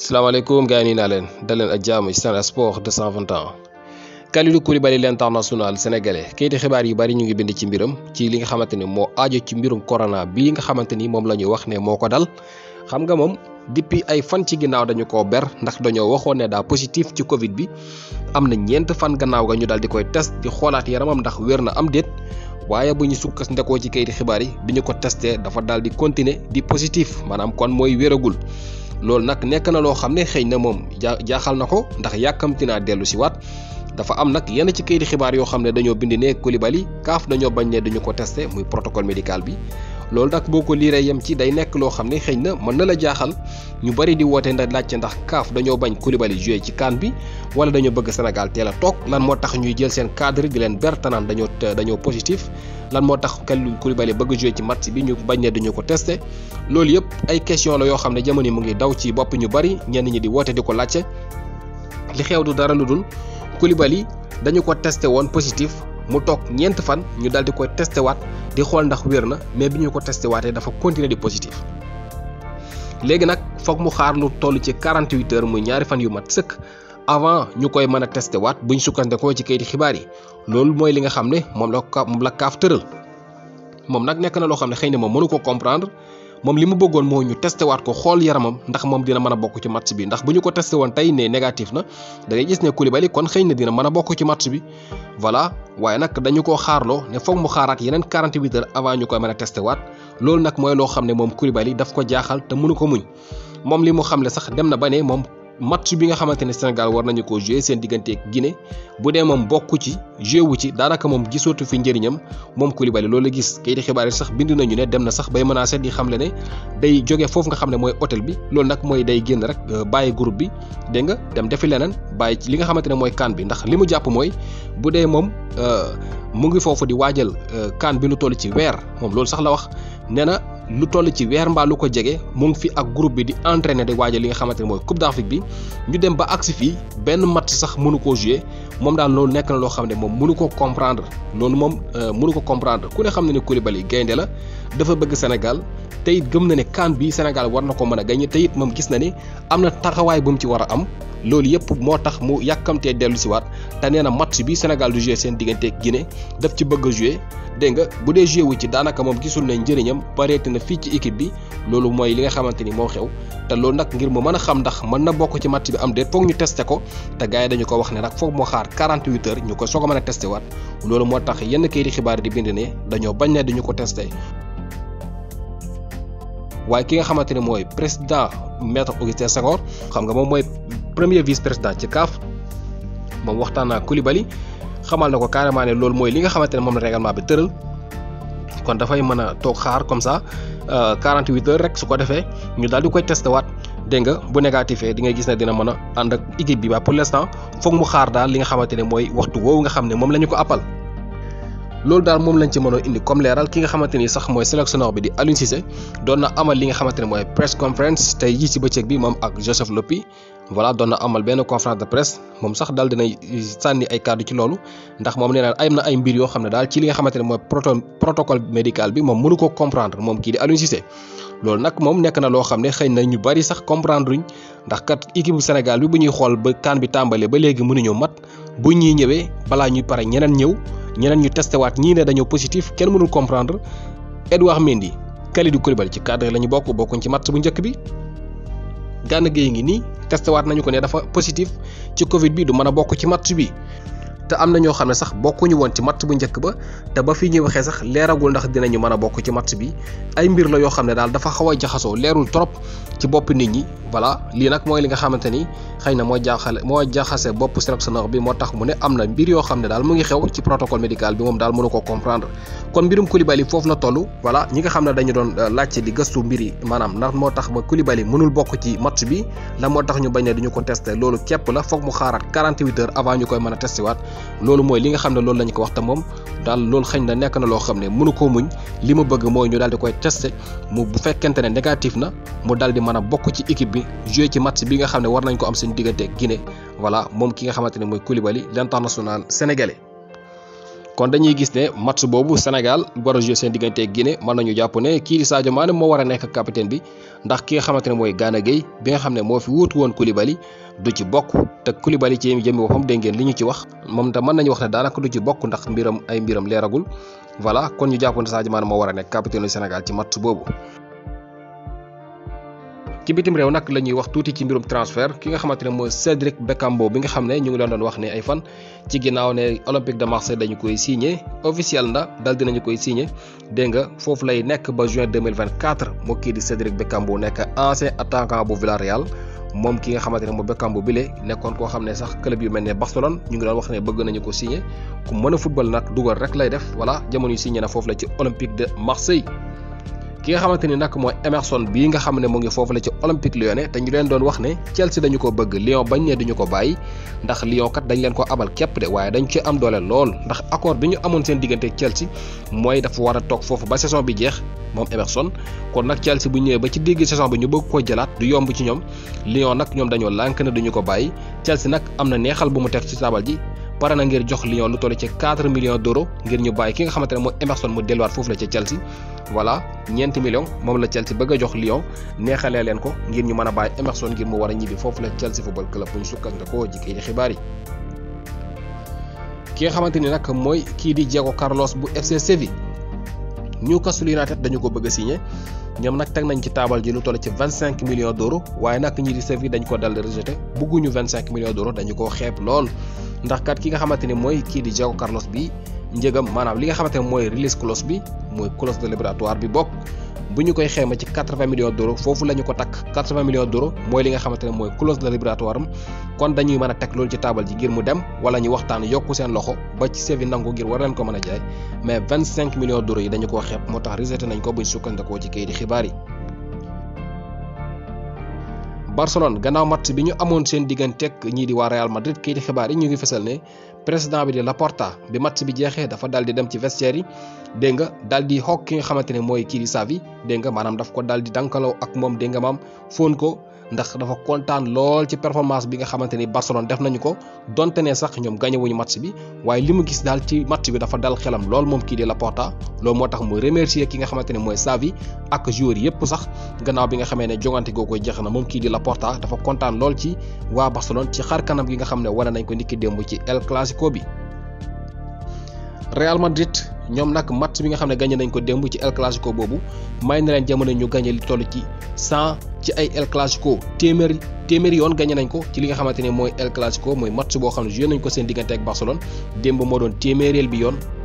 salaamaaleykum gars yi nuyu naa leen dal leen ak jaamu ci Sen Sport 221 Kalidou Koulibaly l'international sénégalais kayiti xibaar yu bari ñu ngi bind ci mbiram ci li nga xamante ni moo ajo ci mbirum corona bi nga xamante ni moom la ñuy wax ne moo ko dal xam nga moom depuis ay fan ci ginnaaw dañu koo ber ndax dañoo waxoon ne daal positif ci Covid bi am na ñeent fan gannaaw ga ñu dal di koy test di xoolaat yaramam ndax wér na am déet waaye bu ñu sukkas ndekoo ci kayiti xibaar yi bi ko testé dafa daal di continuer di positif maanaam kon mooy wéragul. loolu nag nekk na loo xam ne xëy na moom jaa jaaxal na ko ndax yàkkamti naa dellu si waat dafa am nag yenn ci kayiti xibaar yoo xam ne dañoo bind ne Koulibaly kaaf dañoo bañ ne dañu ko testé muy protocole médical bi loolu nag boo ko liiree yem ci day nekk loo xam ne xëy na mën na la jaaxal ñu bari di woote ndax laajte ndax kaaf dañoo bañ Koulibaly joué ci CAN bi wala dañoo bëgg Sénégal teel a toog lan moo tax ñuy jël seen cadre di leen bertanaan dañoo dañoo positif lan moo tax kenn Koulibaly bëgg joué ci match bi ñu bañ ne duñu ko testé loolu yëpp ay question la yoo xam ne jamono mu ngi daw ci bopp ñu bari ñenn ñi di woote di ko laajte li xew du dara lu dul Koulibaly dañu ko testé woon positif mu toog ñeent fan ñu daal di koy testé waat di xool ndax wér na mais bi ñu ko testé waatee dafa continuer di positif léegi nag foog mu xaar lu toll ci 48 heures muy ñaari fan yu mat sëkk avant ñu koy mën a testé waat buñ sukkandekoo ci kayiti xibaar yi loolu mooy li nga xam ne moom la moom la kaaf tëral moom nag nekk na loo xam ne xëy na moom mënu ko comprendre moom li mu bëggoon moo ñu testé waat ko xool yaramam ndax moom dina mën a bokk ci match bi ndax bu ñu ko testé woon tey ne négatif na da gis ne kulibali kon xëy na dina mën a bokk ci match bi voilà waaye nag dañu koo xaarloo ne foog mu xaaraat yeneen 48 heures avant ñu koy mën a testé waat loolu nag mooy loo xam ne moom Koulibaly daf ko jaaxal te mënu ko muñ moom li mu xamle sax dem na ba ne moom match bi nga xamante ne Sénégal war nañu ko jouer seen diggante ak Guinée bu dee moom bokku ci jouer wu ci daanaka moom gisootu fi njëriñam moom Koulibaly loolu la gis kayiti xibaar yi sax bind nañu ne dem na sax bay menacé di xamle ne day jóge foofu nga xam ne mooy otel bi loolu nag mooy day génn rek euh, bàyyi groupe bi dégg nga dem defi leneen bàyyi ci li nga xamante ne mooy kan bi ndax li mu jàpp mooy bu dee moom euh, mu ngi foofu di waajal kaan euh, bi lu toll ci weer loolu sax la wax nee na lu toll ci weer mbaa ko jege moom ngi fi ak groupe bi di entraîner di waajal li nga xamante ne mooy Coupe d'Afrique bi ñu dem ba agsi fii benn match sax mënu koo jouer moom daal loolu nekk na loo xam ne moom mënu ko comprendre loolu moom euh, mënu ko comprendre ku ne xam ne ne Koulibaly gaynde la dafa bëgg Sénégal teyit gëm na ne kan bi Sénégal war na ko mëna gagné teyit mom gis na ne am taxaway pup bu mu ci wara am lool yépp moo tax mu yakamté dellu ci waat ta nee match bi Sénégal du jouer sen digënté ak Guinée daf ci bëgg jouer dé nga bu wu ci danaka mom gisul na njëriñam pareeti na fi ci équipe bi loolu moy li nga xamante mo xew ta lool nak ngir mu mëna xam ndax mën na bokku ci match bi am dé fokk ñu testé ko ta gaay dañu ko wax né nak fokk mo xaar 48 heures ñu ko soog a testé wat loolu tax yenn xibaar di bind né dañoo bañ né dañu ko testé waaye ki nga xamante ne mooy président maître Augustin Senghor xam nga moom mooy premier vice président ci CAF moom waxtaan naa Koulibaly xamal na ko carrément ne loolu mooy li nga xamante ne moom la règlement bi tëral kon dafay mën a toog xaar comme ça 48 euh, heures rek su ko defee ñu daal di koy testé waat dégg nga bu négatifee di nga gis ne dina mën a ànd ak équipe bi waaye pour l'instant foog mu xaar daal li nga xamante ne mooy waxtu woowu nga xam ne moom la ñu ko appal. loolu dal moom lañ ci mëno indi comme leral ki nga xamanteni sax moy sélectionneur bi di Alioune Cissé doon na amal li nga xamanteni moy press conference tay yi ci bëcëk bi moom ak Joseph Lopi voilà doon na amal ben conférence de presse moom sax dal dina sanni ay cadre ci loolu ndax moom leral na na ay mbir yo xamne dal ci li nga xamanteni moy proto protocole médical bi moom mënu ko comprendre moom ki di Alioune Cissé loolu nak moom nek na lo xamne ne na ñu bari sax comprendre uñ ndax kat équipe bu Sénégal bi bu ñuy xol ba kan bi tambalé ba mënu ñu mat bu ñuy ñëwé bala ñuy paré ñeneen ñëw ñeneen ñu testé waat ñii ne dañoo positif kenn mënul comprendre Edouard Mendy Kalidou Koulibaly ci cadre la ñu bokk bokkuñ ci match bu njëkk bi Gana Gueye ngi nii testé waat nañu ko ne dafa positif ci Covid bi du mën a bokk ci match bi. te am na ñoo xam ne sax bokkuñu woon ci matt bu njëkk ba te ba fii ñuy waxee sax leeragul ndax dinañu mën a bokk ci matt bi ay mbir la yoo xam ne daal dafa xaw a jaxasoo leerul trop ci bopp nit ñi wala lii nag mooy li nga xamante ni xëy na moo jaaxale moo jaxase bopp Sénégal bi moo tax mu ne am na mbir yoo xam ne daal mu ngi xew ci protocole médical bi moom daal mënu ko comprendre kon mbirum Koulibaly foofu na toll wala ñi nga xam ne dañu doon euh, laajte di gëstu mbir yi maanaam ndax moo tax ba Koulibaly mënul bokk ci match bi la moo tax ñu bañ ne duñu ko testé loolu képp la foog mu xaaraat 48 heures avant ñu koy mën a testé waat loolu mooy li nga xam ne loolu lañ ko wax te moom daal lool xëñ na nekk na loo xam ne mënu koo muñ li ma bëgg mooy ñu daal di koy testé mu bu fekkente ne négatif na mu daal di mën a bokk ci équipe bi joué ci match bi nga xam ne war nañ ko am seen diggante Guinée voilà moom ki nga xamante ne mooy Koulibaly l'international sénégalais kon dañuy gis ne match boobu Sénégal war a joué seen diggante Guinée mën nañu jàpp ne kii di Sadio Mané moo war a nekk capitaine bi ndax ki nga xamante ne mooy gaana Gueye bi nga xam ne moo fi wutu woon Koulibaly du ci bokk te kulibali ci jëmi boppam dégg ngeen li ñu ci wax moom te mën nañu wax ne daanaka du ci bokk ndax mbiram ay mbiram leeragul voilà kon ñu jàpp ne Sadio Mané moo war a nekk capitaine du Sénégal ci match boobu. ci bitim rew nak lañuy wax tuuti ci mbirum transfert ki nga xamantene ne mooy Cédric Beckambo bi nga xam ñu ngi leen doon wax ne ay fan ci ginaaw ne Olympique de Marseille dañ koy signé officiel na dal dinañ koy signé dégg nga fofu lay nekk ba juin 2024 mo ki di Cédric Bekambo nekk ancien attaquant bu Villarreal mom ki nga xamantene mo Bekambo bu bile nekkoon ko xam sax club yu mel barcelone ñu ngi doon wax ne bëgg nañu ko signé ku mëna football nak dugal rek lay def wala jamono yu signé na fofu la ci olympique de marseille ki nga xamante ni nag mooy Emerson bii nga xam ne mu ngi foofu la ci Olympique Lyonnais te ñu leen doon wax ne Chelsea dañu ko bëgg Lyon bañ ne duñu ko bàyyi ndax Lyon kat dañ leen ko abal képp de waaye dañ ci am doole lool ndax accord bi ñu amoon seen diggante Chelsea mooy dafa war a toog foofu ba saison bi jeex moom Emerson kon nag Chelsea bu ñëwee ba ci digg saison bi ñu bëgg ko jëlaat du yomb ci ñoom Lyon nag ñoom dañoo lànk ne duñu ko bàyyi Chelsea nag am na neexal bu mu teg ci taabal ji pare na ngir jox Lyon lu toll ci 4 millions d'euros ngir ñu bàyyi ki nga xamante ne mooy Emerson mu delluwaat foofu la ca Chelsea voilà ñeenti millions moom la Chelsea bëgg a jox Lyon neexalee leen ko ngir ñu mën a bàyyi Emerson ngir mu war a ñibbi foofu la Chelsea football club bu ñu sukkandikoo ci kii di xibaar yi. ki nga xamante ni nag mooy kii di Diego Carlos bu FC Séville. Newcastle United dañu ko bëgg a signé ñoom nag teg nañ ci taabal ji lu toll ci 25 millions d'euros waaye nag ñi di Séville dañ ko dal di rejeté bëgguñu 25 millions d'euros dañu ko xeeb lool ndax kat ki nga xamante ni di Diego Carlos bi njëgam mana li nga xamante ne mooy release clause bi mooy clause de libératoire bi bokk bu ñu koy xayma ci 80 millions d'euros foofu la ñu ko takk 80 millions d'euros mooy li nga xamante ne mooy clause de libératoire kon dañuy mën a teg loolu ci taabal ji ngir mu dem wala ñu waxtaan yokk seen loxo ba ci sevi nangu ngir war leen ko mën a jaay mais 25 millions d'euros yi dañu koo xeeb moo tax rejeté nañ ko buñ sukkandikoo ci kayiti xibaar yi. Barcelone gannaaw match bi ñu amoon seen digganteeg ñii di waa Real Madrid kayiti xibaar yi ñu ngi fësal ne. président bi di Laporta bi match bi jeexee dafa daal di dem ci vestiaire yi dégg nga daal di xoog ki nga xamante ne mooy kii di Xavi dégg nga maanaam daf ko daal di dankaloo ak moom dégg nga maam ko ndax dafa kontaan lool ci performance bi nga xamante ni Barcelone def nañu ko donte ne sax ñoom gagné wuñu match bi waaye li mu gis daal ci match bi dafa dal xelam lool moom kii di Laporta loolu moo tax mu remercier ki nga xamante ne mooy Xavi ak joueurs yëpp sax gannaaw bi nga xamee ne jongante googu jeex na moom kii di Laporta dafa kontaan lool ci waa Barcelone ci xar kanam gi nga xam ne wane nañ ko niki démb ci El Clasico bi ñoom nag match bi nga xam ne gagné nañ ko démb ci El Clasico boobu may na leen jamono ñu gagné li toll ci 100 ci ay El Clasico téeméeri téeméeri yoon gagné nañ ko ci li nga xamante ne mooy El Clasico mooy match boo xam ne joué nañ ko seen diggante ak Barcelone démb moo doon téeméereel bi yoon.